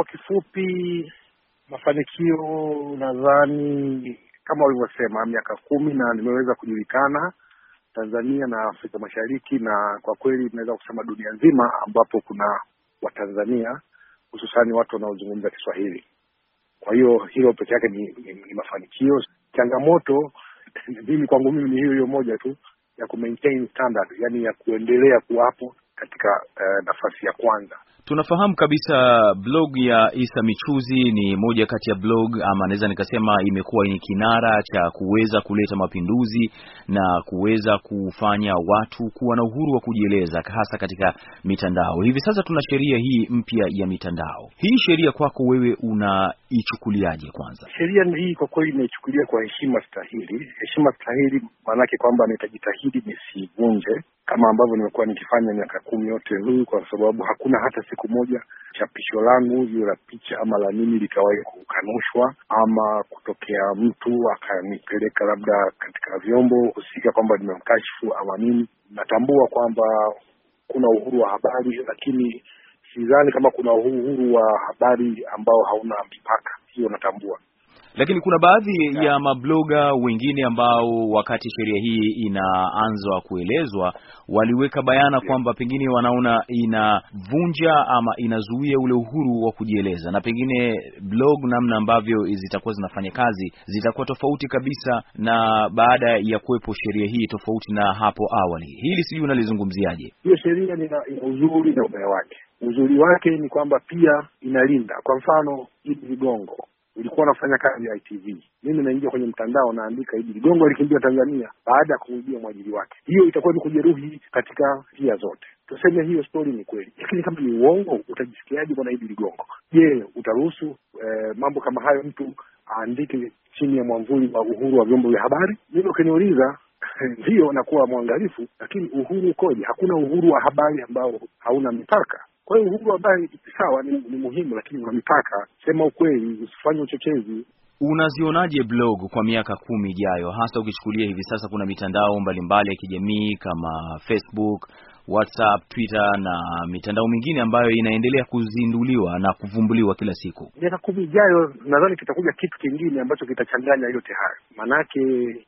Kwa kifupi, mafanikio nadhani kama ulivyosema, miaka kumi na nimeweza kujulikana Tanzania na Afrika Mashariki na kwa kweli inaweza kusema dunia nzima, ambapo kuna Watanzania hususani watu wanaozungumza Kiswahili. Kwa hiyo hilo peke yake ni, ni, ni mafanikio. Changamoto mimi kwangu mimi ni hiyo hiyo moja tu ya ku standard, ya kuendelea kuwapo katika uh, nafasi ya kwanza. Tunafahamu kabisa blog ya Isa Michuzi ni moja kati ya blog ama naweza nikasema imekuwa ni kinara cha kuweza kuleta mapinduzi na kuweza kufanya watu kuwa na uhuru wa kujieleza hasa katika mitandao. Hivi sasa tuna sheria hii mpya ya mitandao. Hii sheria kwako wewe unaichukuliaje? Kwanza sheria hii kwa kweli inaichukulia kwa heshima stahili, heshima stahili, maanake kwamba nitajitahidi nisivunje kama ambavyo nimekuwa nikifanya miaka kumi yote hii, kwa sababu hakuna hata siku moja chapisho langu hiyo la picha ama la nini likawahi kukanushwa ama kutokea mtu akanipeleka labda katika vyombo husika kwamba nimemkashifu ama nini. Natambua kwamba kuna uhuru wa habari, lakini sidhani kama kuna uhuru wa habari ambao hauna mipaka. Hiyo natambua. Lakini kuna baadhi ya mabloga wengine ambao wakati sheria hii inaanzwa kuelezwa waliweka bayana kwamba pengine wanaona inavunja ama inazuia ule uhuru wa kujieleza, na pengine blog, namna ambavyo zitakuwa zinafanya kazi zitakuwa tofauti kabisa na baada ya kuwepo sheria hii, tofauti na hapo awali. Hili sijui unalizungumziaje? Hiyo sheria ina uzuri na ubaya wake. Uzuri wake ni kwamba pia inalinda, kwa mfano hivi vigongo ilikuwa nafanya kazi ya ITV, mimi naingia kwenye mtandao naandika Idi Ligongo alikimbia Tanzania baada ya kurudia mwajiri wake. Hiyo itakuwa ni kujeruhi katika njia zote. Tuseme hiyo stori ni kweli, lakini kama ni uongo, utajisikiaje bwana Idi Ligongo? Je, utaruhusu eh, mambo kama hayo mtu aandike chini ya mwamvuli wa uhuru wa vyombo vya habari? Mimi ukiniuliza ndiyo, nakuwa mwangalifu, lakini uhuru ukoje? Hakuna uhuru wa habari ambao hauna mipaka. Kwa hiyo uhuru wa habari sawa, ni, ni muhimu, lakini una mipaka. Sema ukweli, usifanye uchochezi. Unazionaje blog kwa miaka kumi ijayo, hasa ukichukulia hivi sasa kuna mitandao mbalimbali ya kijamii kama Facebook, WhatsApp, Twitter na mitandao mingine ambayo inaendelea kuzinduliwa na kuvumbuliwa kila siku. Miaka kumi ijayo nadhani kitakuja kitu kingine ambacho kitachanganya yote haya, maanake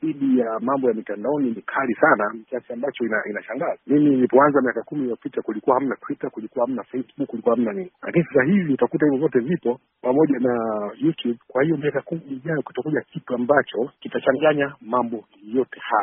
dhidi ya mambo ya mitandaoni ni kali sana kiasi ambacho ina, inashangaza. Mimi nilipoanza miaka kumi iliyopita kulikuwa hamna Twitter, kulikuwa hamna Facebook, kulikuwa hamna nini, lakini sasa hivi utakuta hivyo vyote vipo pamoja na YouTube. Kwa hiyo miaka kumi ijayo kutakuja kitu ambacho kitachanganya mambo yote hayo.